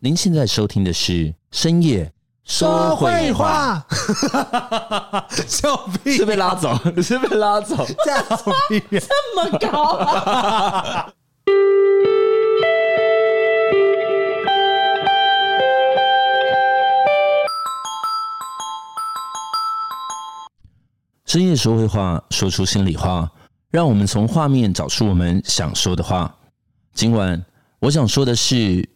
您現在收聽的是深夜說繪話，廢笑屁、啊、是被拉走，是被拉走，再這麼高、啊、 深夜說繪話，說出心裡話，讓我們從畫面找出我們想說的話。今晚我想說的是。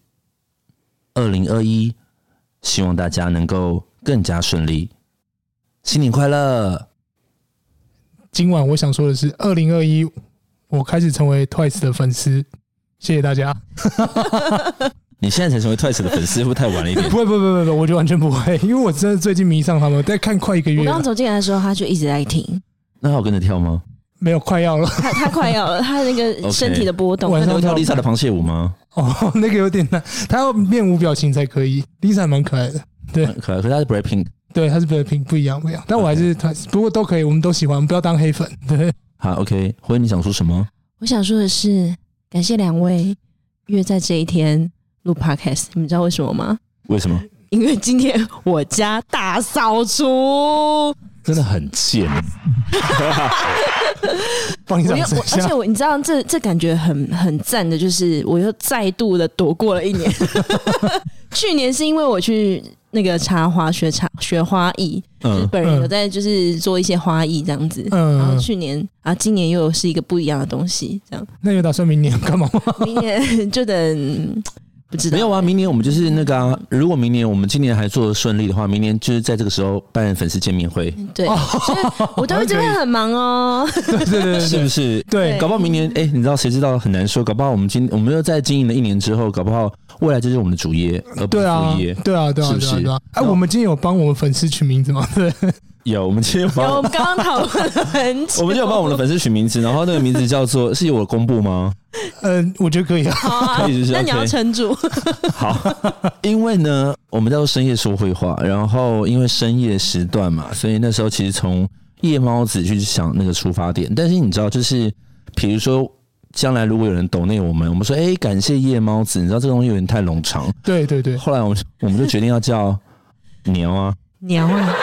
二零二一，2021, 希望大家能夠更加順利，新年快樂！今晚我想說的是，二零二一，我開始成為 TWICE 的粉絲，謝謝大家！ 你現在才成為 TWICE 的粉絲， 會不會太晚了一點？不會不不不不，我就完全不會，因為我真的最近迷上他們，我在看快一個月。我剛走進來的時候，他就一直在聽，那好跟着跳嗎？沒有，快要了他。他他快要了，他那個身體的波動。晚上 Okay, 跳 Lisa 的螃蟹舞嗎？哦，oh, 那個有點難，他要面無表情才可以。Lisa 蠻可愛的，對，可愛。可是他是 Black Pink，對，他是 Black Pink 不一樣，不一樣。Okay. 但我還是不過都可以，我們都喜歡，我們不要當黑粉。對，好，OK。或者你想說什麼？我想說的是，感謝兩位約在這一天錄 Podcast。你們知道為什麼嗎？為什麼？因為今天我家大掃除。真的很賤。放一張而且我你知道，這這感覺很很贊的，就是我又再度的躲過了一年。 去年是因為我去那個插花學插學花藝，嗯、就是本人有在就是做一些花藝這樣子。嗯，然後去年啊，今年又是一個不一樣的東西，這樣。那你打算明年要幹嘛？ 明年就等。不欸、沒有啊，明年我們就是那個、啊、如果明年我們今年還做得順利的話，明年就是在這個時候辦粉絲見面會。對，哦、哈哈哈哈我都會覺得很忙哦。 對對對，對，對，對是，是不是？對，對搞不好明年，哎、欸，你知道，誰知道很難說。搞不好我們今我們又在經營了一年之後，搞不好未來就是我們的主業。對啊，對啊，對啊，對啊，對啊。哎、啊，我們今天有幫我們粉絲取名字嗎？對。 有，我們今天有，我剛剛討論很久。我們就有幫我們的粉絲取名字，然後那個名字叫做是由我公布嗎？嗯，我覺得可以啊。那你要撐住。好，因為呢，我們叫做深夜說繪話，然後因為深夜時段嘛，所以那時候其實從夜貓子去想那個出發點。但是你知道，就是比如說，將來如果有人抖內我們，我們說，哎、欸，感謝夜貓子，你知道這個東西有點太冗長。對對對。後來我們我們就決定要叫娘啊，娘啊。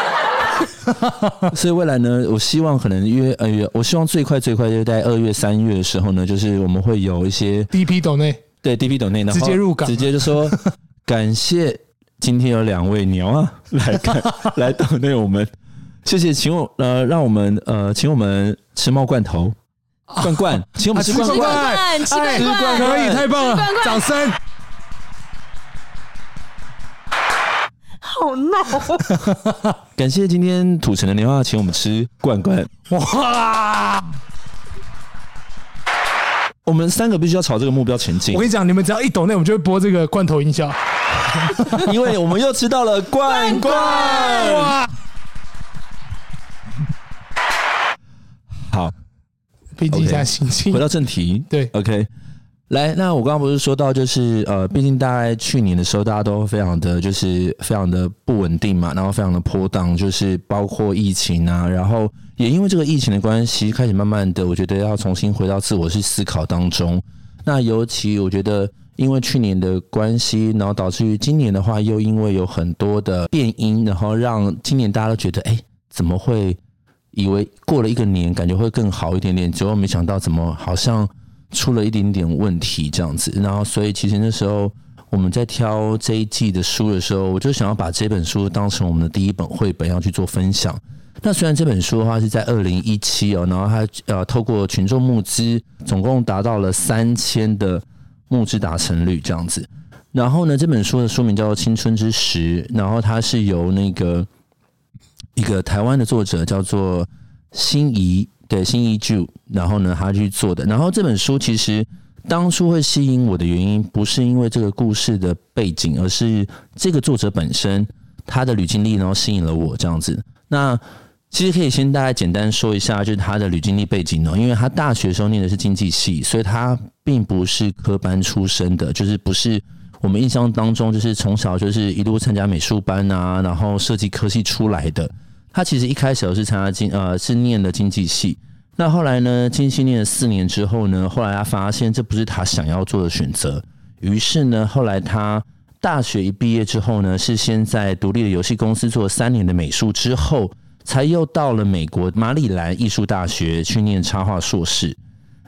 所以未來呢，我希望可能約二月，我希望最快最快就在二月三月的時候呢，就是我們會有一些 d B 抖內，DB 對 d B 抖內的直接入港，直接就說 感謝今天有兩位娘啊來看，來到內，我們謝謝，請我呃讓我們呃請我們吃貓罐頭罐罐，請我們吃罐罐、啊，吃罐吃罐可以，罐太棒了，罐掌聲。好鬧、哦！ 感謝今天土城的年華請我們吃罐罐。罐罐哇！啊、我們三個必須要朝這個目標前進。我跟你講，你們只要一抖內、那個，那我們就會播這個罐頭音效， 因為我們又吃到了罐罐。好，平靜一下心情。Okay. 回到正題， 對，OK。來，那我剛剛不是說到，就是呃，畢竟大概去年的時候，大家都非常的，就是非常的不穩定嘛，然後非常的波蕩，就是包括疫情啊，然後也因為這個疫情的關係，開始慢慢的，我覺得要重新回到自我去思考當中。那尤其我覺得，因為去年的關係，然後導致於今年的話，又因為有很多的變因，然後讓今年大家都覺得，哎，怎麼會以為過了一個年，感覺會更好一點點，結果沒想到怎麼好像。出了一點點問題，這樣子，然後所以其實那時候我們在挑這一季的書的時候，我就想要把這本書當成我們的第一本繪本要去做分享。那雖然這本書的話是在二零一七哦，然後它呃透過群眾募資，總共達到了三千的募資達成率這樣子。然後呢，這本書的書名叫做《青春之石》，然後它是由那個一個台灣的作者叫做 Cinyee。的新一句，然後呢，他去做的。然後這本書其實當初會吸引我的原因，不是因為這個故事的背景，而是這個作者本身他的履歷，然後吸引了我這樣子。那其實可以先大概簡單說一下，就是他的履歷背景呢？因為他大學時候念的是經濟系，所以他並不是科班出身的，就是不是我們印象當中，就是從小就是一路參加美術班啊，然後設計科系出來的。他其實一開始是參加經，呃，是念的經濟系。那後來呢，經濟念了四年之後呢，後來他發現這不是他想要做的選擇。於是呢，後來他大學一畢業之後呢，是先在獨立的遊戲公司做了三年的美術，之後才又到了美國馬里蘭藝術大學去念插畫碩士。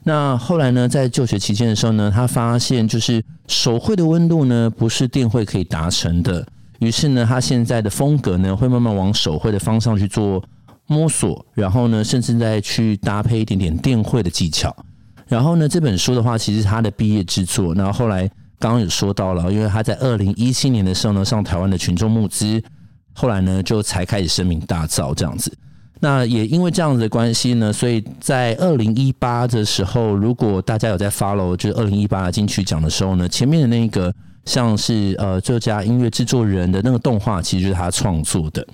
那後來呢，在就學期間的時候呢，他發現就是手繪的溫度呢，不是電繪可以達成的。於是呢，他現在的風格呢，會慢慢往手繪的方向去做摸索，然後呢，甚至再去搭配一點點電繪的技巧。然後呢，這本書的話，其實他的畢業之作。然後後來剛剛有說到了，因為他在二零一七年的時候呢，上台灣的群眾募資，後來呢就才開始聲名大噪這樣子。那也因為這樣子的關係呢，所以在二零一八的時候，如果大家有在 follow，就是二零一八金曲獎的時候呢，前面的那個。像是呃，這家音樂制作人的那個動畫，其實就是他創作的。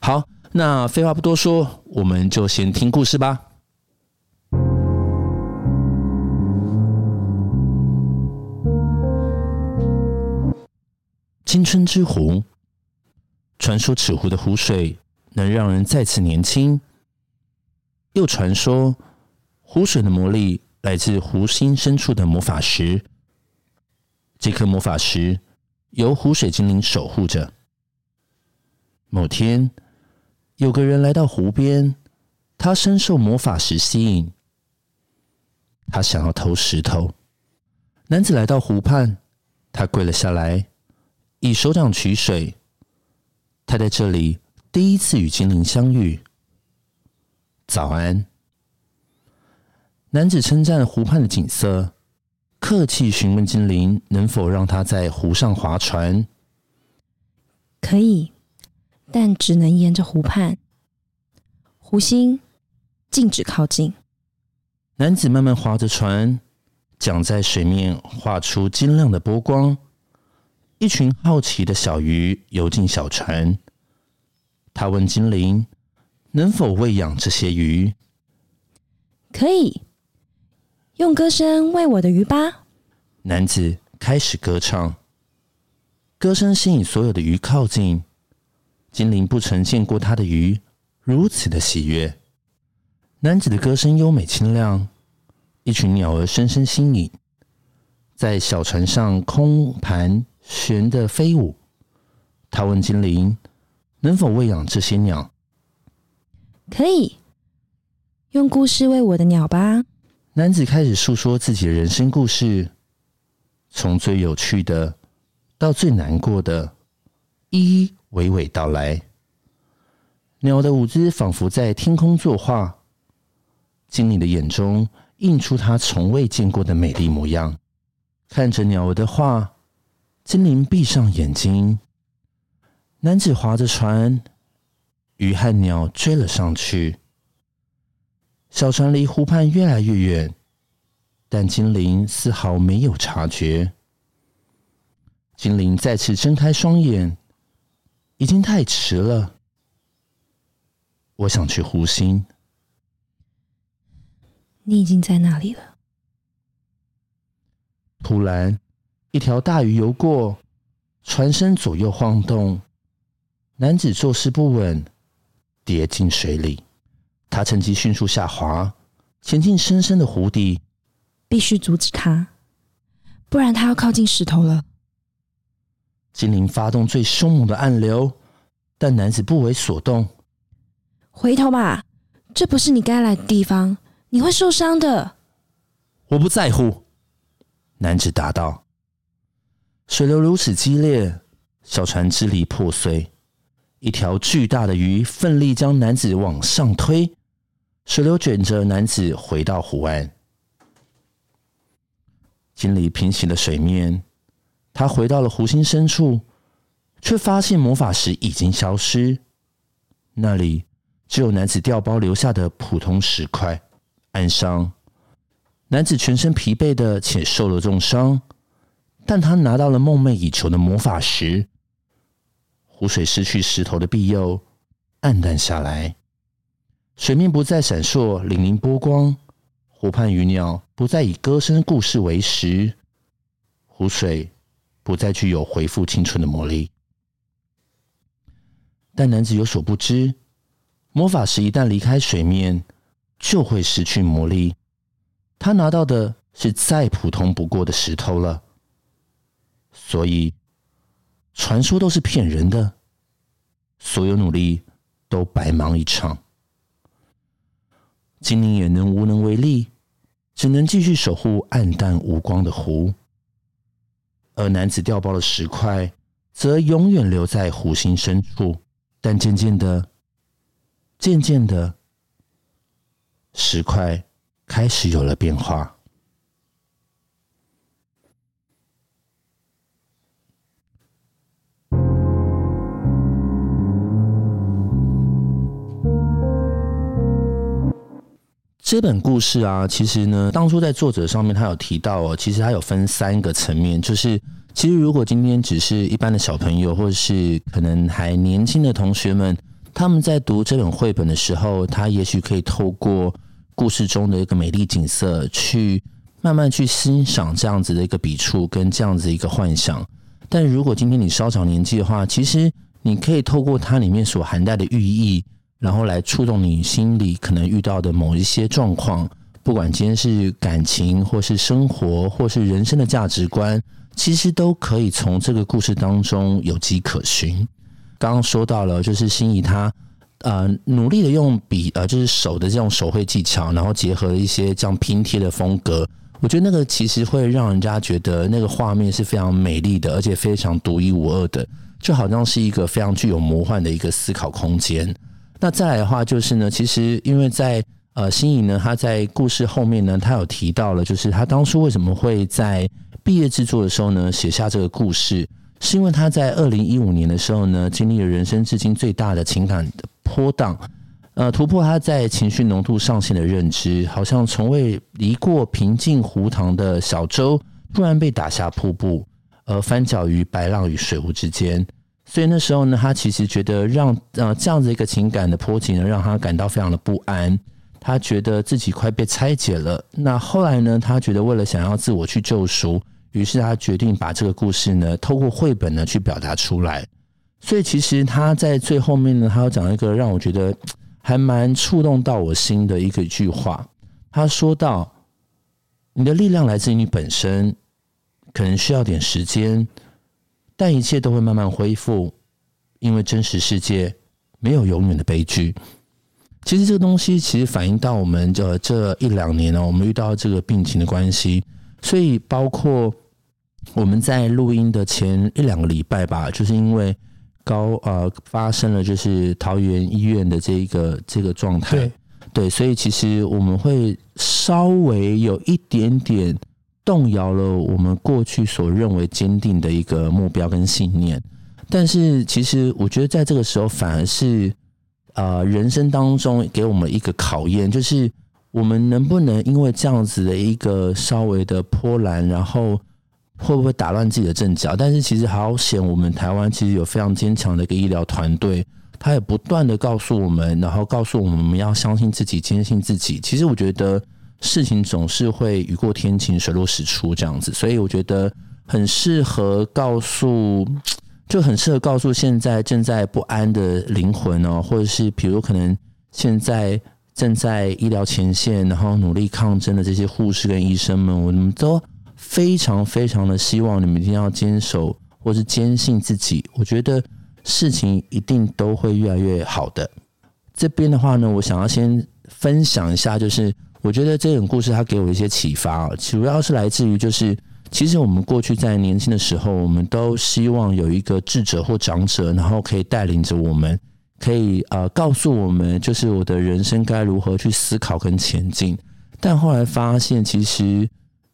好，那廢話不多說，我們就先聽故事吧。青春之湖，傳說此湖的湖水能讓人再次年輕，又傳說湖水的魔力來自湖心深處的魔法石。這顆魔法石由湖水精靈守護着。某天，有個人來到湖邊，他深受魔法石吸引，他想要偷石頭。男子來到湖畔，他跪了下來，以手掌取水。他在這裡第一次與精靈相遇。早安。男子稱讚湖畔的景色。客氣詢問精靈能否讓他在湖上划船。可以，但只能沿着湖畔，湖心禁止靠近。男子慢慢划着船，槳在水面划出晶亮的波光。一群好奇的小魚游進小船，他問精靈能否餵養這些魚？可以。用歌聲餵我的魚吧。男子開始歌唱，歌聲吸引所有的魚靠近。精靈不曾見過他的魚如此的喜悅。男子的歌聲優美清亮，一群鳥兒深深吸引，在小船上空盤旋的飛舞。他問精靈：“能否餵養這些鳥？”可以，用故事餵我的鳥吧。男子開始訴說自己的人生故事，從最有趣的到最難過的，一一娓娓道來。鳥的舞姿仿佛在天空作畫，精靈的眼中映出他從未見過的美麗模樣。看着鳥兒的畫，精靈閉上眼睛。男子划着船，魚和鳥追了上去。小船離湖畔越來越遠，但精靈絲毫沒有察覺。精靈再次睜開雙眼，已經太遲了。我想去湖心，你已經在那裡了。突然，一條大魚游過，船身左右晃動，男子坐勢不穩，跌進水裡。他趁機迅速下滑，潛進深深的湖底。必須阻止他，不然他要靠近石頭了。精靈發動最兇猛的暗流，但男子不為所動。回頭吧，這不是你該來的地方，你會受傷的。我不在乎，男子答道。水流如此激烈，小船支離破碎，一條巨大的魚奮力將男子往上推。水流捲着男子回到湖岸，精靈平息了水面，他回到了湖心深處，卻發現魔法石已經消失。那裡只有男子掉包留下的普通石塊，暗傷。男子全身疲憊的且受了重傷，但他拿到了夢寐以求的魔法石。湖水失去石頭的庇佑，黯淡下來。水面不再閃爍粼粼波光，湖畔魚鳥不再以歌聲故事為食，湖水不再具有回復青春的魔力。但男子有所不知，魔法石一旦離開水面，就會失去魔力。他拿到的是再普通不過的石頭了，所以傳說都是騙人的，所有努力都白忙一場。心靈也能無能為力，只能繼續守護暗淡無光的湖，而男子掉包的石塊，則永遠留在湖心深處。但漸漸的，漸漸的，石塊開始有了變化。這本故事啊，其實呢，當初在作者上面，他有提到哦，其實他有分三個層面，就是其實如果今天只是一般的小朋友，或是可能還年輕的同學們，他們在讀這本繪本的時候，他也許可以透過故事中的一個美麗景色，去慢慢去欣賞這樣子的一個筆觸跟這樣子一個幻想。但如果今天你稍長年紀的話，其實你可以透過它裡面所含帶的寓意。然後來觸動你心裡可能遇到的某一些狀況，不管今天是感情，或是生活，或是人生的價值觀，其實都可以從這個故事當中有跡可循。剛剛說到了，就是 Cinyee 她呃努力的用筆呃就是手的這種手繪技巧，然後結合一些這樣拼貼的風格，我覺得那個其實會讓人家覺得那個畫面是非常美麗的，而且非常獨一無二的，就好像是一個非常具有魔幻的一個思考空間。那再來的話就是呢，其實因為在呃，Cinyee 呢，他在故事後面呢，他有提到了，就是他當初為什麼會在畢業制作的時候呢，寫下這個故事，是因為他在二零一五年的時候呢，經歷了人生至今最大的情感的波盪，呃，突破他在情緒濃度上限的認知，好像從未離過平靜湖塘的小舟，突然被打下瀑布，而翻攪於白浪與水霧之間。所以那時候呢，他其實覺得讓呃這樣子一個情感的波及呢，讓他感到非常的不安。他覺得自己快被拆解了。那後來呢，他覺得為了想要自我去救贖，於是他決定把這個故事呢，透過繪本呢去表達出來。所以其實他在最後面呢，他要講一個讓我覺得還蠻觸動到我心的一個一句話。他說到：“你的力量來自於你本身，可能需要點時間。”但一切都會慢慢恢復，因為真實世界沒有永遠的悲劇。其實這個東西其實反映到我們這這一兩年呢，我們遇到這個病情的關係，所以包括我們在錄音的前一兩個禮拜吧，就是因為高呃發生了就是桃園醫院的這一個這個狀態，對，對，所以其實我們會稍微有一點點。動搖了我們過去所認為堅定的一個目標跟信念，但是其實我覺得在這個時候反而是，啊、呃，人生當中給我們一個考驗，就是我們能不能因為這樣子的一個稍微的波瀾，然後會不會打亂自己的陣腳？但是其實好險，我們台灣其實有非常堅強的一個醫療團隊，他也不斷的告訴我們，然後告訴我們要相信自己，堅信自己。其實我覺得。事情總是會雨過天晴、水落石出這樣子，所以我覺得很適合告訴，就很適合告訴現在正在不安的靈魂哦，或者是比如可能現在正在醫療前線，然後努力抗爭的這些護士跟醫生們，我們都非常非常的希望你們一定要堅守或是堅信自己。我覺得事情一定都會越來越好的。這邊的話呢，我想要先分享一下，就是。我覺得這種故事它給我一些啟發啊，主要是來自於就是，其實我們過去在年輕的時候，我們都希望有一個智者或長者，然後可以帶領着我們，可以呃告訴我們，就是我的人生該如何去思考跟前進。但後來發現，其實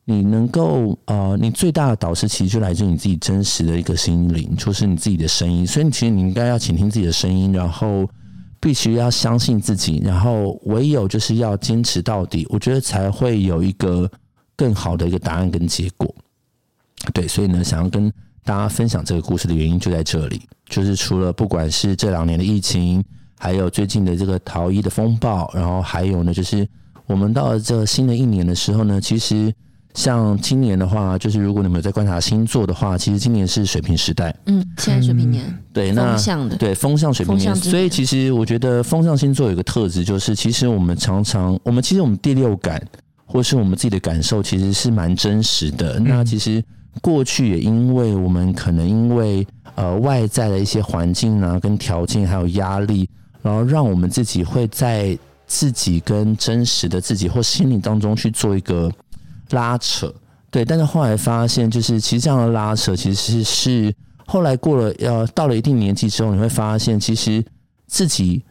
你能夠呃，你最大的導師其實就來自於你自己真實的一個心靈，就是你自己的聲音。所以，其實你應該要傾聽自己的聲音，然後。必須要相信自己，然後唯有就是要堅持到底，我覺得才會有一個更好的一個答案跟結果。對，所以呢，想要跟大家分享這個故事的原因就在這裡，就是除了不管是這兩年的疫情，還有最近的這個桃醫的風暴，然後還有呢，就是我們到了這新的一年的時候呢，其實。像今年的話，就是如果你們有在觀察星座的話，其實今年是水瓶時代，嗯，現在水瓶年，嗯、對，那風向的，對風向水瓶年，所以其實我覺得風向星座有一個特質，就是其實我們常常，我們其實我們第六感或是我們自己的感受，其實是蠻真實的。嗯、那其實過去也因為我們可能因為呃外在的一些環境啊、跟條件還有壓力，然後讓我們自己會在自己跟真實的自己或心靈當中去做一個。拉扯，對，但是後來發現，就是其實這樣的拉扯，其實是後來過了要、呃、到了一定年紀之後，你會發現，其實自己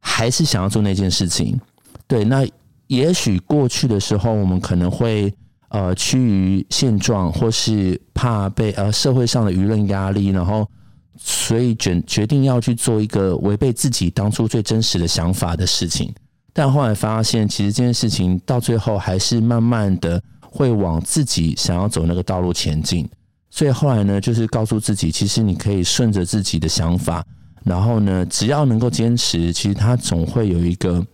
還是想要做那件事情。對，那也許過去的時候，我們可能會呃趨於現狀，或是怕被呃社會上的輿論壓力，然後所以決決定要去做一個違背自己當初最真實的想法的事情。但後來發現，其實這件事情到最後還是慢慢的。會往自己想要走那個道路前進，所以後來呢，就是告訴自己，其實你可以順着自己的想法，然後呢，只要能夠堅持，其實它總會有一個，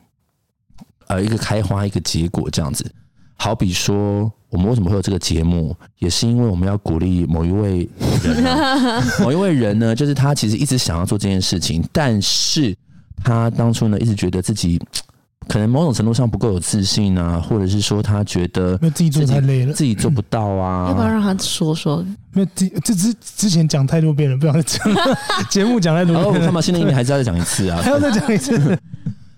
呃，一個開花，一個結果這樣子。好比說，我們為什麼會有這個節目，也是因為我們要鼓勵某一位人啊， 某一位人呢，就是他其實一直想要做這件事情，但是他當初呢，一直覺得自己。可能某種程度上不夠有自信啊，或者是說他覺得自己，自己做太累了，自己做不到啊。嗯、要不要讓他說說？那這這之前講太多遍了，不要再講了。節 目講太多遍了，哦，我看到新的一年還是要再講一次啊，還要再講一次，嗯。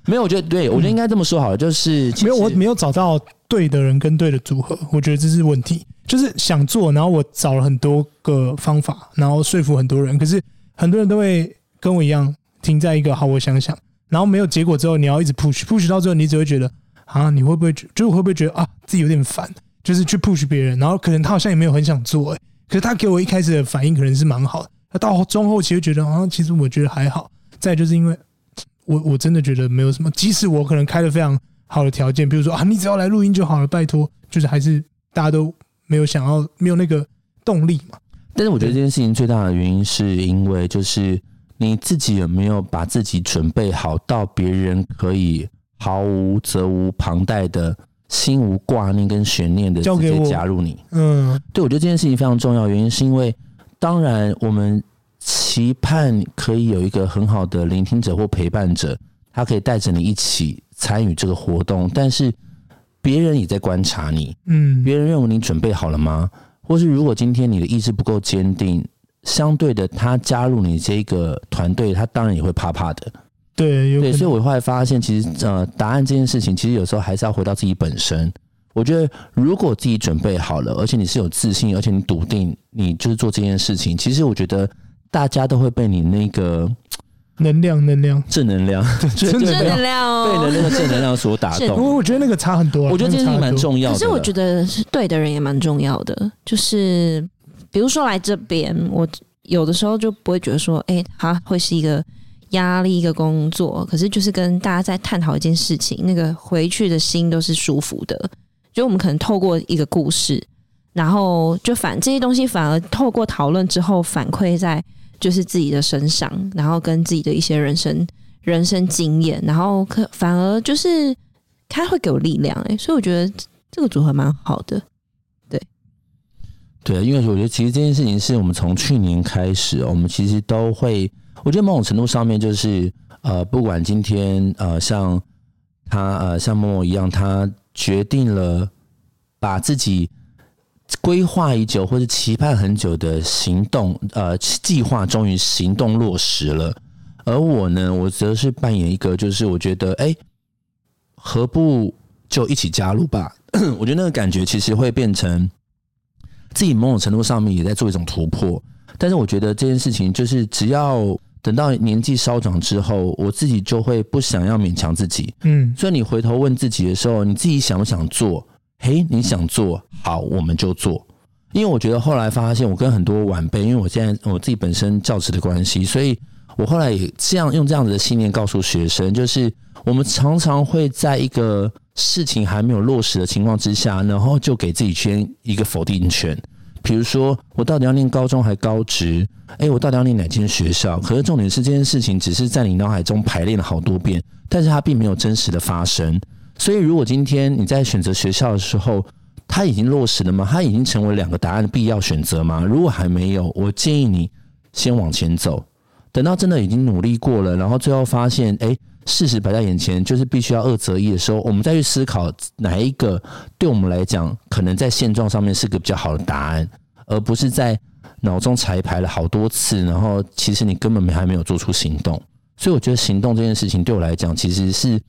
沒有，我覺得，對，我覺得應該這麼說好了，嗯、就是其實沒有，我沒有找到對的人跟對的組合，我覺得這是問題。就是想做，然後我找了很多個方法，然後說服很多人，可是很多人都會跟我一樣，停在一個好，我想想。然後沒有結果之後，你要一直 push push 到最後，你只會覺得啊，你會不會覺就會不會覺得啊，自己有點煩，就是去 push 別人，然後可能他好像也沒有很想做誒、欸，可是他給我一開始的反應可能是蠻好的，他到中後期就覺得啊，其實我覺得還好。再就是因為，我我真的覺得沒有什麼，即使我可能開了非常好的條件，比如說啊，你只要來錄音就好了，拜托，就是還是大家都沒有想要沒有那個動力嘛。但是我覺得這件事情最大的原因是因為就是。你自己有沒有把自己準備好到別人可以毫無責無旁貸的心無掛念跟懸念的直接加入你？嗯，對，我覺得這件事情非常重要，原因是因為，當然我們期盼可以有一個很好的聆聽者或陪伴者，他可以帶着你一起參與這個活動，但是別人也在觀察你，嗯，別人認為你準備好了嗎？或是如果今天你的意志不夠堅定，相對的，他加入你這一個團隊，他當然也會怕怕的。對，有對，所以，我後來發現，其實，呃，答案這件事情，其實有時候還是要回到自己本身。我覺得，如果自己準備好了，而且你是有自信，而且你篤定，你就是做這件事情，其實，我覺得大家都會被你那個能量、能量、能量、正能量、正能量 被的那個正能量所打動的。因為我、啊、我覺得那個差很多，我覺得這個蠻重要的。可是我覺得對的人也蠻重要的，就是。比如說來這邊，我有的時候就不會覺得說，哎、欸，哈，會是一個壓力一個工作，可是就是跟大家在探討一件事情，那個回去的心都是舒服的。就我們可能透過一個故事，然後就反，這些東西反而透過討論之後反饋在就是自己的身上，然後跟自己的一些人生人生經驗，然後可反而就是他會給我力量、欸，誒，所以我覺得這個組合蠻好的。對，因為我覺得其實這件事情是我們從去年開始，我們其實都會，我覺得某種程度上面就是，呃，不管今天，呃，像他，呃，像某某一樣，他決定了把自己規劃已久或者期盼很久的行動，呃，計劃終於行動落實了。而我呢，我則是扮演一個，就是我覺得，哎，何不就一起加入吧？ 我覺得那個感覺其實會變成。自己某種程度上面也在做一種突破，但是我覺得這件事情就是，只要等到年紀稍長之後，我自己就會不想要勉強自己。嗯，所以你回頭問自己的時候，你自己想不想做？嘿、欸，你想做，好，我們就做。因為我覺得後來發現，我跟很多晚輩，因為我現在我自己本身教職的關係，所以。我後來也這樣用這樣子的信念告訴學生，就是我們常常會在一個事情還沒有落實的情況之下，然後就給自己圈一個否定權。比如說，我到底要念高中還高職？誒、欸，我到底要念哪間學校？可是重點是這件事情只是在你腦海中排練了好多遍，但是它並沒有真實的發生。所以，如果今天你在選擇學校的時候，它已經落實了嗎？它已經成為兩個答案的必要選擇嗎？如果還沒有，我建議你先往前走。等到真的已經努力過了，然後最後發現，哎，事實擺在眼前，就是必須要二擇一的時候，我們再去思考哪一個對我們來講，可能在現狀上面是個比較好的答案，而不是在腦中彩排了好多次，然後其實你根本沒還沒有做出行動。所以我覺得行動這件事情對我來講，其實是。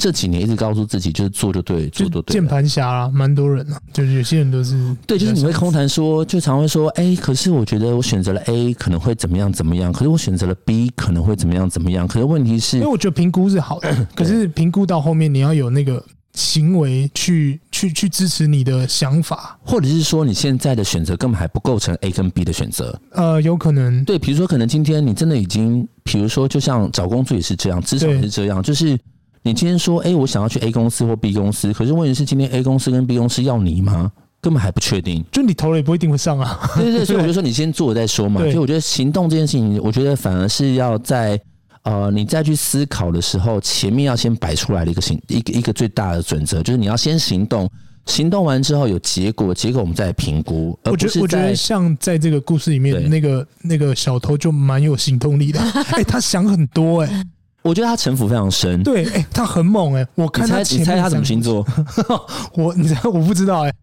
這幾年一直告訴自己就是做就對，做就對。鍵盤俠啊，蠻多人啊，就是有些人都是對，就是你會空談說，就常會說，哎、欸，可是我覺得我選擇了 A 可能會怎麼樣怎麼樣，可是我選擇了 B 可能會怎麼樣怎麼樣，可是問題是，因為我覺得評估是好的，咳咳可是評估到後面你要有那個行為去對去去支持你的想法，或者是說你現在的選擇根本還不構成 A 跟 B 的選擇，呃，有可能對，比如說可能今天你真的已經，比如說就像找工作也是這樣，職場也是這樣，對就是。你今天說，哎、欸，我想要去 A 公司或 B 公司，可是問題是，今天 A 公司跟 B 公司要你嗎？根本還不確定，就你投了也不一定會上啊。對，對對，所以我就說你先做了再說嘛。對所以我覺得行動這件事情，我覺得反而是要在呃，你再去思考的時候，前面要先擺出來的一個行一個一個最大的準則，就是你要先行動，行動完之後有結果，結果我們再評估。我覺得我覺得像在這個故事裡面，對那個那個小偷就蠻有行動力的，哎、欸，他想很多、欸，哎。 我覺得他城府非常深，對、欸、他很猛、欸、我看他你，你猜他什麼星座？ 我你猜我不知道、欸、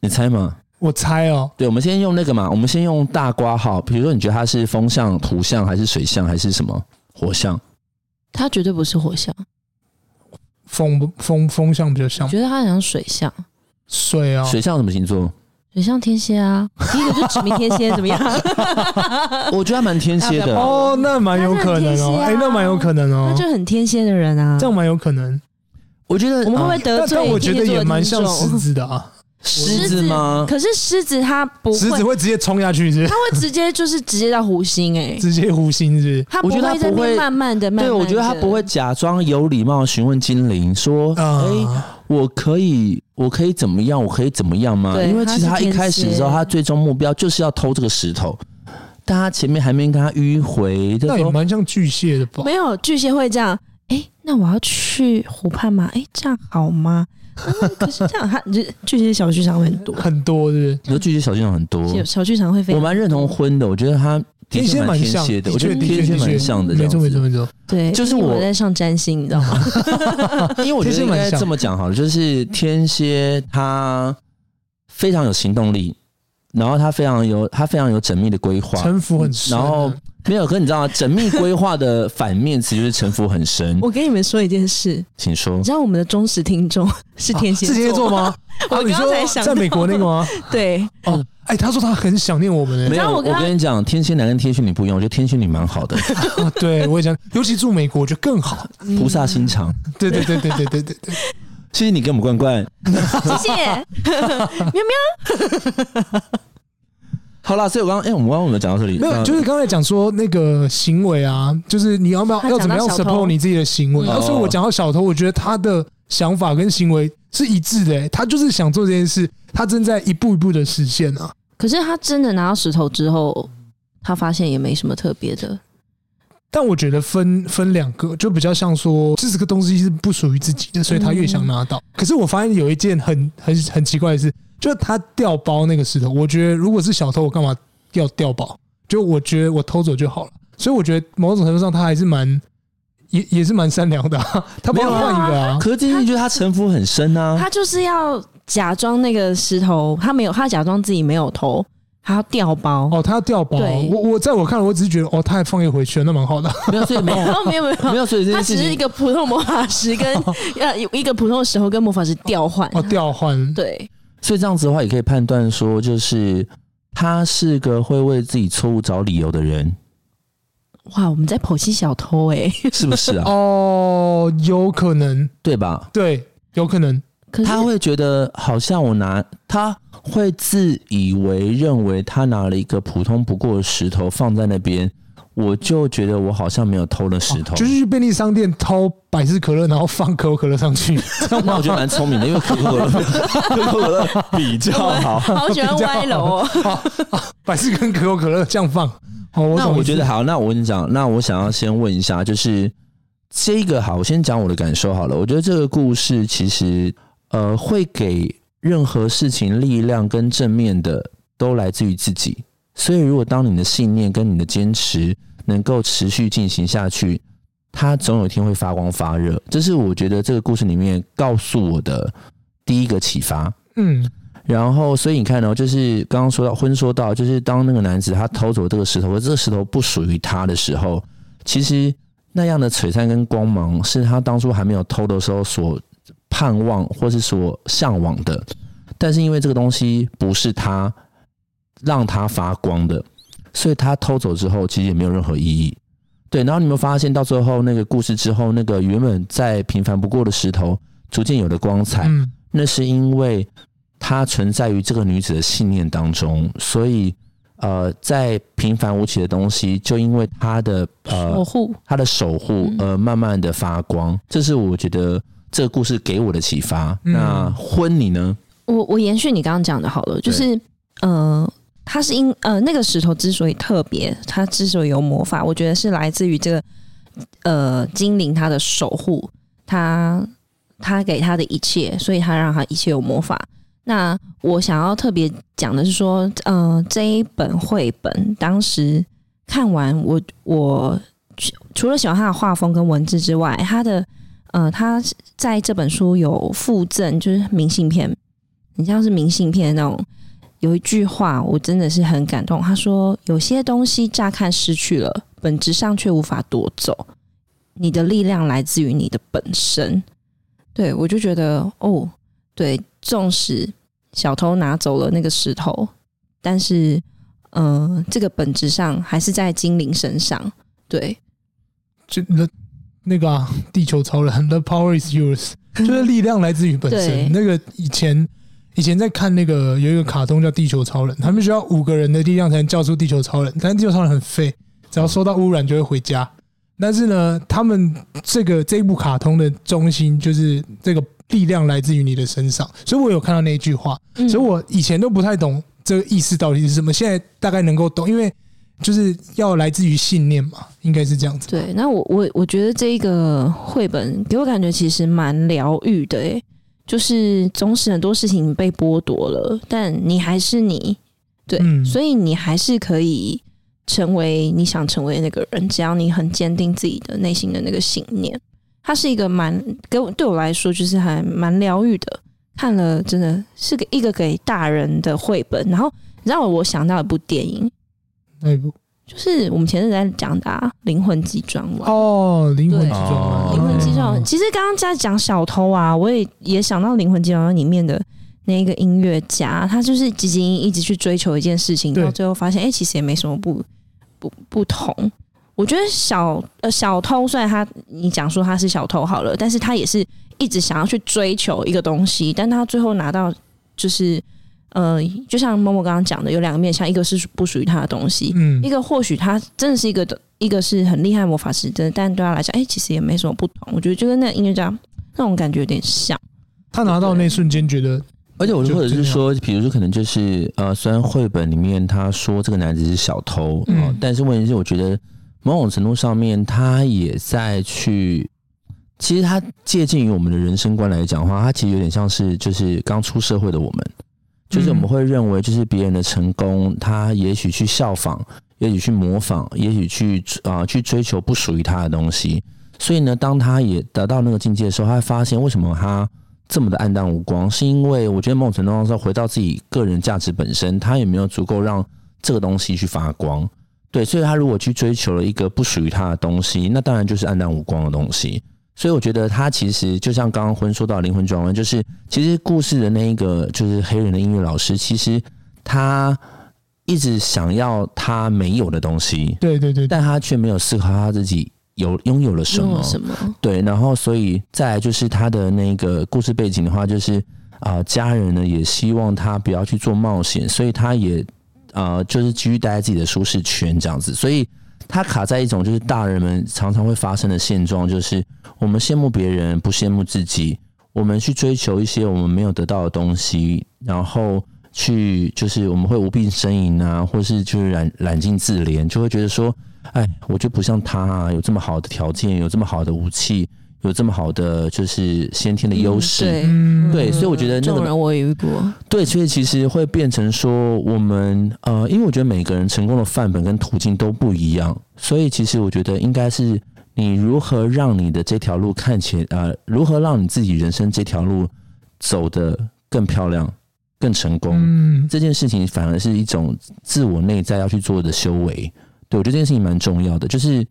你猜嗎？我猜哦。對，我們先用那個嘛，我們先用大括號。比如說，你覺得他是風象、土象還是水象還是什麼火象？他絕對不是火象，風風風象比較像。我覺得他很像水象，水啊、哦，水象什麼星座？很像天蠍啊，第一個就指明天蠍？怎麼樣？ 我覺得蠻天蠍的、啊、哦，那蠻有可能哦，哎、啊欸，那蠻有可能哦，那就很天蠍的人啊，這樣蠻有可能。我覺得我們會不會得罪天天？啊、那我覺得也蠻像獅子的啊。獅子嗎？獅子可是獅子它不會，獅子會直接衝下去是、是，它會直接就是直接到湖心哎、欸，直接湖心是、是？它不、不會，在那邊慢慢的，慢。對，我覺得它不會假裝有禮貌詢問精靈說：“哎、嗯欸，我可以，我可以怎麼樣？我可以怎麼樣嗎？”對因為其實他一開始的時候，他、他最終目標就是要偷這個石頭，但他前面還沒跟他迂回、哦，那也蠻像巨蟹的吧？沒有巨蟹會這樣，哎、欸，那我要去湖畔嗎？哎、欸，這樣好嗎？嗯、可是這樣，他就巨蟹小劇場很多，很多對。就巨蟹小劇場很多，小劇場會非常。我蠻認同婚的，我覺得他天蠍蠻、嗯、像的，我覺得天蠍蠻像的，這樣子，嗯、沒錯、對，就是我在上占星，你知道嗎？因為我覺得應該這麼講好，好了，就是天蠍他非常有行動力，然後他非常有他非常有縝密的規劃，然後。沒有，可你知道嗎？縝密規劃的反面其實是城府很深。 我跟你們說一件事，請說。你知道我們的忠實聽眾是天蠍，是天蠍座嗎？啊、在嗎 我剛才想、啊、你說在美國那個嗎？ 對。嗯、哦，哎、欸，他說他很想念我們。沒有，我跟你講， 天蠍男跟天蠍女不一樣，我覺得天蠍女蠻好的、 啊。對，我也講，尤其住美國就更好，菩薩心腸。 對對對對對對對對。 謝謝你給我們罐罐。謝謝， 喵喵。 好了，所以我剛剛哎、欸，我們剛剛我們講到這裡，沒有，就是剛才講說那個行為啊，就是你要不要要怎麼樣 support 你自己的行為。嗯、啊，所以我講到小偷，我覺得他的想法跟行為是一致的、欸，他就是想做這件事，他正在一步一步的實現啊。可是他真的拿到石頭之後，他發現也沒什麼特別的。但我覺得分分兩個，就比較像說，這是個東西是不屬於自己的，嗯、所以他越想拿到。可是我發現有一件很很很奇怪的事。就他掉包那個石頭，我覺得如果是小偷，我幹嘛要掉包？就我覺得我偷走就好了。所以我覺得某種程度上，他還是蠻也也是蠻善良的啊。他不要換一個啊。可、啊就是今天覺得他城府很深啊。他就是要假裝那個石頭，他沒有，他假裝自己沒有偷，他要掉包。哦，他要掉包。對我我在我看來，我只是覺得哦，他還放一回去，那蠻好的。沒有，沒有，沒有，沒有，沒有。他只是一個普通魔法石跟要有一個普通石頭跟魔法石調換、哦。哦，調換。對。所以這樣子的話，也可以判斷說，就是他是個會為自己錯誤找理由的人。哇，我們在剖析小偷誒，是不是啊？哦，有可能，對吧？對，有可能。他會覺得好像我拿，他會自以為認為他拿了一個普通不過的石頭放在那邊。我就覺得我好像沒有偷了石頭，啊、就是去便利商店偷百事可樂，然後放可口可樂上去， 那我覺得蠻聰明的，因為可口可樂可口可樂比較好，好喜歡歪樓。 百事跟可口可樂這樣放，那我，我覺得我好。那我跟你講，那我想要先問一下，就是這個好，我先講我的感受好了。我覺得這個故事其實，呃，會給任何事情力量跟正面的，都來自於自己。所以，如果當你的信念跟你的堅持能夠持續進行下去，它總有一天會發光發熱。這是我覺得這個故事裡面告訴我的第一個啟發。嗯，然後，所以你看呢，就是剛剛說到，婚說到，就是當那個男子他偷走這個石頭，而這個石頭不屬於他的時候，其實那樣的璀璨跟光芒是他當初還沒有偷的時候所盼望或是所向往的。但是因為這個東西不是他。讓他發光的，所以他偷走之後，其實也沒有任何意義。對，然後你們發現到最後那個故事之後，那個原本再平凡不過的石頭，逐漸有了光彩。嗯、那是因為他存在於這個女子的信念當中，所以呃，在平凡無奇的東西，就因為他的守護，它的守護，呃，護而慢慢的發光。嗯、這是我覺得這個故事給我的啟發。嗯、那婚禮呢？我我延續你剛剛講的，好了，就是嗯。對呃它是因呃那個石頭之所以特別，它之所以有魔法，我覺得是來自於這個呃精靈他的守護，他他給他的一切，所以他讓他一切有魔法。那我想要特別講的是說，嗯、呃，這一本繪本當時看完我，我我除了喜歡他的畫風跟文字之外，他的呃他在這本書有附贈就是明信片，很像是明信片那種，有一句話，我真的是很感動。他說：“有些東西乍看失去了，本質上卻無法奪走。你的力量來自於你的本身。對”對，我就覺得哦，對，縱使小偷拿走了那個石頭，但是，嗯、呃，這個本質上還是在精靈身上。對，就那那個、啊、地球超人，The Power is Yours，就是力量來自於本身。 對那個以前。以前在看那個有一個卡通叫《地球超人》，他們需要五個人的力量才能叫出地球超人，但是地球超人很廢，只要受到污染就會回家。但是呢，他們這個這一部卡通的中心就是這個力量來自於你的身上，所以我有看到那句話，所以我以前都不太懂這個意思到底是什麼，嗯、現在大概能夠懂，因為就是要來自於信念嘛，應該是這樣子。對，那我我我覺得這一個繪本給我感覺其實蠻療癒的誒、欸。就是總是很多事情被剝奪了，但你還是你，對，嗯、所以你還是可以成為你想成為那個人。只要你很堅定自己的內心的那個信念，它是一個蠻給，我對我來說就是還蠻療癒的。看了真的是個一個給大人的繪本，然後讓我想到一部電影，哪一部、哎？就是我們前陣在講的啊、靈魂集裝哦，oh, 靈魂集裝對、oh. 靈魂集裝其實剛剛在講小偷啊，我也也想到靈魂集裝裡面的那個音樂家，他就是僅僅一直去追求一件事情，然後最後發現，哎對、欸，其實也沒什麼不不不同。我覺得小呃小偷雖然他你講說他是小偷好了，但是他也是一直想要去追求一個東西，但他最後拿到就是。呃，就像 Momo 剛剛講的，有兩個面向，一個是不屬於他的東西，嗯，一個或許他真的是一個一個是很厲害魔法師，真的，但對他來講，哎、欸，其實也沒什麼不同。我覺得就跟那個音樂家那種感覺有點像。他拿到那瞬間覺得，而且我或者是說，比如說可能就是呃，雖然繪本裡面他說這個男子是小偷，嗯、呃，但是問題是，我覺得某種程度上面他也在去，其實他接近於我們的人生觀來講的話，他其實有點像是就是剛出社會的我們。就是我們會認為，就是別人的成功，嗯、他也許去效仿，也許去模仿，也許去啊、呃、去追求不屬於他的東西。所以呢，當他也達到那個境界的時候，他會發現為什麼他這麼的暗淡無光，是因為我覺得某種程度上說，回到自己個人價值本身，他也沒有足夠讓這個東西去發光。對，所以他如果去追求了一個不屬於他的東西，那當然就是暗淡無光的東西。所以我覺得他其實就像剛剛我們說到靈魂轉彎，就是其實故事的那一個就是黑人的音樂老師，其實他一直想要他沒有的東西，對，對對對，但他卻沒有思考他自己有擁有了什麼什麼，對，然後所以再來就是他的那個故事背景的話，就是啊、呃、家人呢也希望他不要去做冒險，所以他也啊、呃、就是繼續待在自己的舒適圈這樣子，所以。它卡在一種就是大人們常常會發生的現狀，就是我們羨慕別人，不羨慕自己；我們去追求一些我們沒有得到的東西，然後去就是我們會無病呻吟啊，或是就是攬攬鏡自憐，就會覺得說，哎，我就不像他啊，有這麼好的條件，有這麼好的武器。有這麼好的就是先天的優勢，嗯、對,對，所以我覺得那個人我也遇過。對，所以其實會變成說，我們呃，因為我覺得每個人成功的範本跟途徑都不一樣，所以其實我覺得應該是你如何讓你的這條路看起來，呃，如何讓你自己人生這條路走得更漂亮、更成功，嗯、這件事情反而是一種自我內在要去做的修為。對我覺得這件事情蠻重要的，就是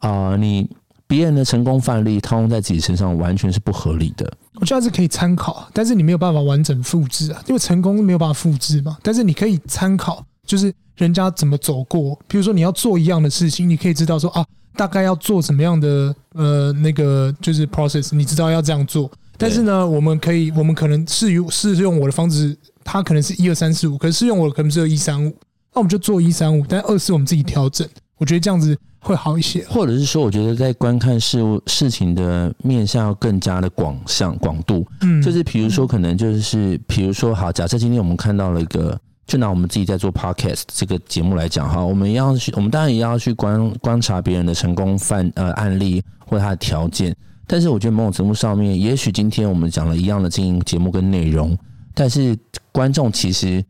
啊、呃，你。別人的成功範例套用在自己身上，完全是不合理的。我覺得是可以參考，但是你沒有辦法完整複製啊，因為成功沒有辦法複製嘛。但是你可以參考，就是人家怎麼走過。比如說你要做一樣的事情，你可以知道說啊，大概要做什麼樣的呃那個就是 process，你知道要這樣做。但是呢，對我們可以，我們可能試用試用我的方式，他可能是一二三四五，可是試用我的可能是一三五，那我們就做一三五，但二四我們自己調整。我覺得這樣子會好一些，或者是說，我覺得在觀看事物事情，的面向要更加的廣向廣度，嗯，就是比如說，可能就是比如說，好，假設今天我們看到了一個，就拿我們自己在做 podcast 這個節目來講，哈，我們要去，我們當然也要去觀觀察別人的成功範呃案例，或他的條件，但是我覺得某種程度上面，也許今天我們講了一樣的經營節目跟內容，但是觀眾其實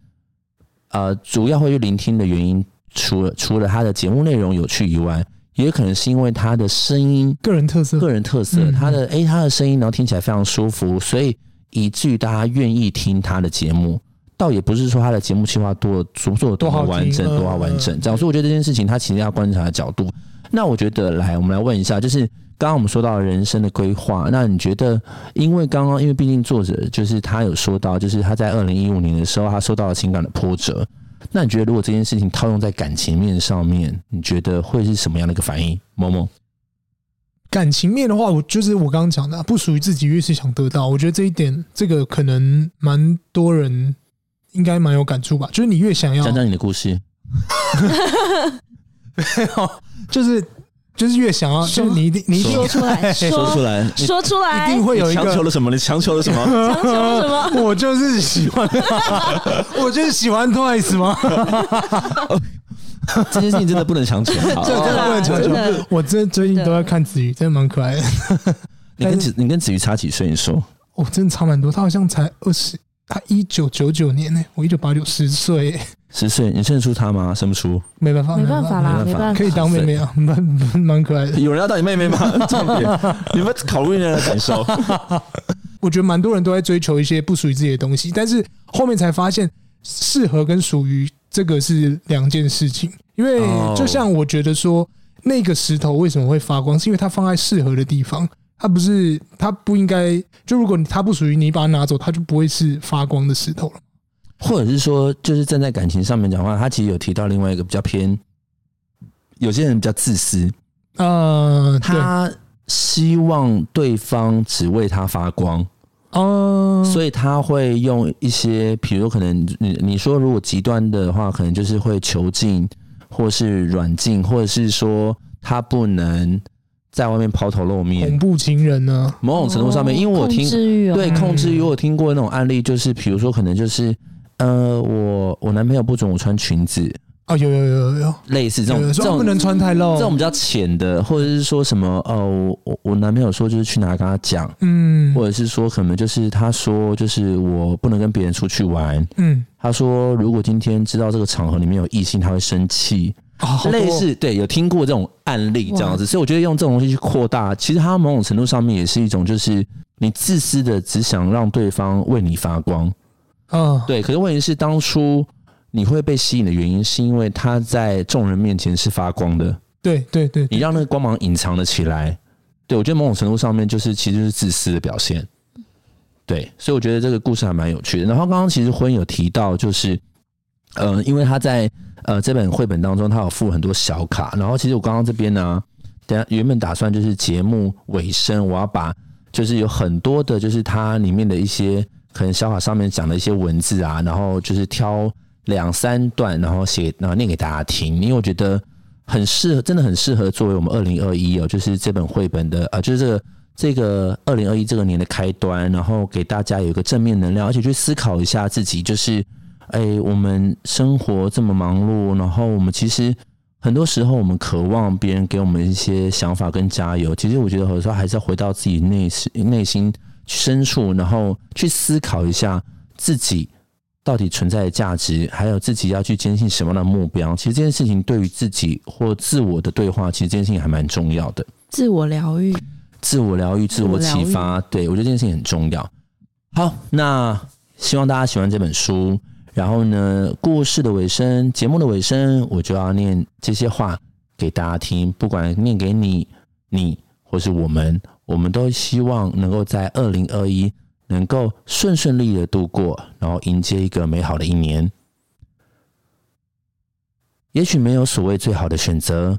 呃主要會去聆聽的原因。除了除了他的節目內容有趣以外，也可能是因為他的聲音個人特色、個人特色，嗯嗯，他的誒、欸，他的聲音，然後聽起來非常舒服，所以以至於大家願意聽他的節目，倒也不是說他的節目計劃多做做多麼完整、多麼、呃、完整。這樣說，所以我覺得這件事情他其實要觀察的角度。嗯、那我覺得，來我們來問一下，就是剛剛我們說到人生的規劃，那你覺得，因剛剛，因為剛剛因為畢竟作者就是他有說到，就是他在二零一五年的時候，他受到了情感的波折。那你覺得，如果這件事情套用在感情面上面，你覺得會是什麼樣的一個反應？萌萌，感情面的話，我就是我剛剛講的，不屬於自己越是想得到，我覺得這一點，這個可能蠻多人應該蠻有感觸吧。就是你越想要，講講你的故事， 沒有，就是。就是越想，要，就你一定你一定，說出來，說出來，說出來，一定會有一個你強求了什麼？你強求了什麼？強求了什麼？我就是喜歡，我就是喜歡 Twice 嗎？這件事情真的不能強求，真的不能強求。我真最近都在看子瑜，真的蠻可愛的。你跟子你跟子瑜差幾歲？你說，我真的差蠻多，他好像才二十。他一九九九年呢，欸，我一九八九，十歲，十歲，你生得出他嗎？生不出，沒辦法，沒辦法啦，沒辦法，可以當妹妹啊，蠻蠻對 可愛的。有人要當你妹妹嗎？重點 你們考慮人的感受。 我覺得蠻多人都在追求一些不屬於自己的東西，但是後面才發現，適合跟屬於這個是兩件事情。因為就像我覺得說，那個石頭為什麼會發光，是因為它放在適合的地方。他不是，他不應該。就如果他不屬於你，把它拿走，他就不會是發光的石頭了。或者是說，就是站在感情上面講話，他其實有提到另外一個比較偏，有些人比較自私。嗯，他希望對方只為他發光。哦、呃，所以他會用一些，比如說可能你你說，如果極端的話，可能就是會囚禁，或是軟禁，或者是說他不能。在外面拋頭露面，恐怖情人呢、啊？某種程度上面，哦、因為我聽對控制欲、哦，控制欲我聽過那種案例，就是、嗯、比如說，可能就是呃，我我男朋友不准我穿裙子啊、哦，有有有有有，類似這種有有有、哦、這種不能穿太露，這種比較淺的，或者是說什麼呃，我我男朋友說就是去哪裡跟他講，嗯，或者是說可能就是他說就是我不能跟別人出去玩，嗯，他說如果今天知道這個場合裡面有異性，他會生氣。哦好哦、類似對，有聽過這種案例這樣子，哇所以我覺得用這種東西去擴大，其實它某種程度上面也是一種，就是你自私的只想讓對方為你發光。嗯、哦，對。可是問題是，當初你會被吸引的原因，是因為他在眾人面前是發光的。對對，對對對，你讓那個光芒隱藏了起來。對，我覺得某種程度上面就是其實是自私的表現。對，所以我覺得這個故事還蠻有趣的。然後剛剛其實婚姻有提到，就是，呃，因為他在。呃，這本繪本當中，它有附很多小卡。然後，其實我剛剛這邊呢，等下原本打算就是節目尾聲，我要把就是有很多的，就是它裡面的一些可能小卡上面講的一些文字啊，然後就是挑兩三段，然後寫然後念給大家聽。因為我覺得很適合，真的很適合作為我們二零二一哦，就是這本繪本的啊，呃，就是這個這個二零二一這個年的開端，然後給大家有一個正面能量，而且去思考一下自己就是。誒、欸，我們生活這麼忙碌，然後我們其實很多時候，我們渴望別人給我們一些想法跟加油。其實我覺得，有時候還是要回到自己內，內心深處，然後去思考一下自己到底存在的價值，還有自己要去堅信什麼樣的目標。其實這件事情對於自己或自我的對話，其實這件事情還蠻重要的。自我療癒，自我療癒，自我啟發。療癒。對，我覺得這件事情很重要。好，那希望大家喜歡這本書。然後呢，故事的尾聲，節目的尾聲，我就要念這些話給大家聽。不管念給你、你，或是我們，我們都希望能夠在二零二一能夠順順利利的度過，然後迎接一個美好的一年。也許沒有所謂最好的選擇，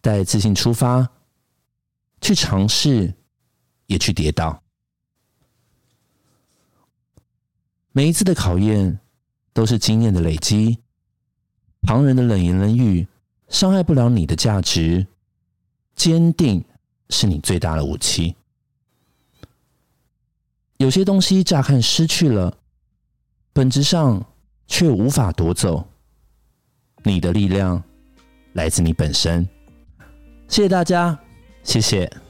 帶自信出發，去嘗試，也去跌倒。每一次的考驗。都是經驗的累積，旁人的冷言冷語傷害不了你的價值。堅定是你最大的武器。有些東西乍看失去了，本質上卻無法奪走。你的力量來自你本身。謝謝大家，謝謝。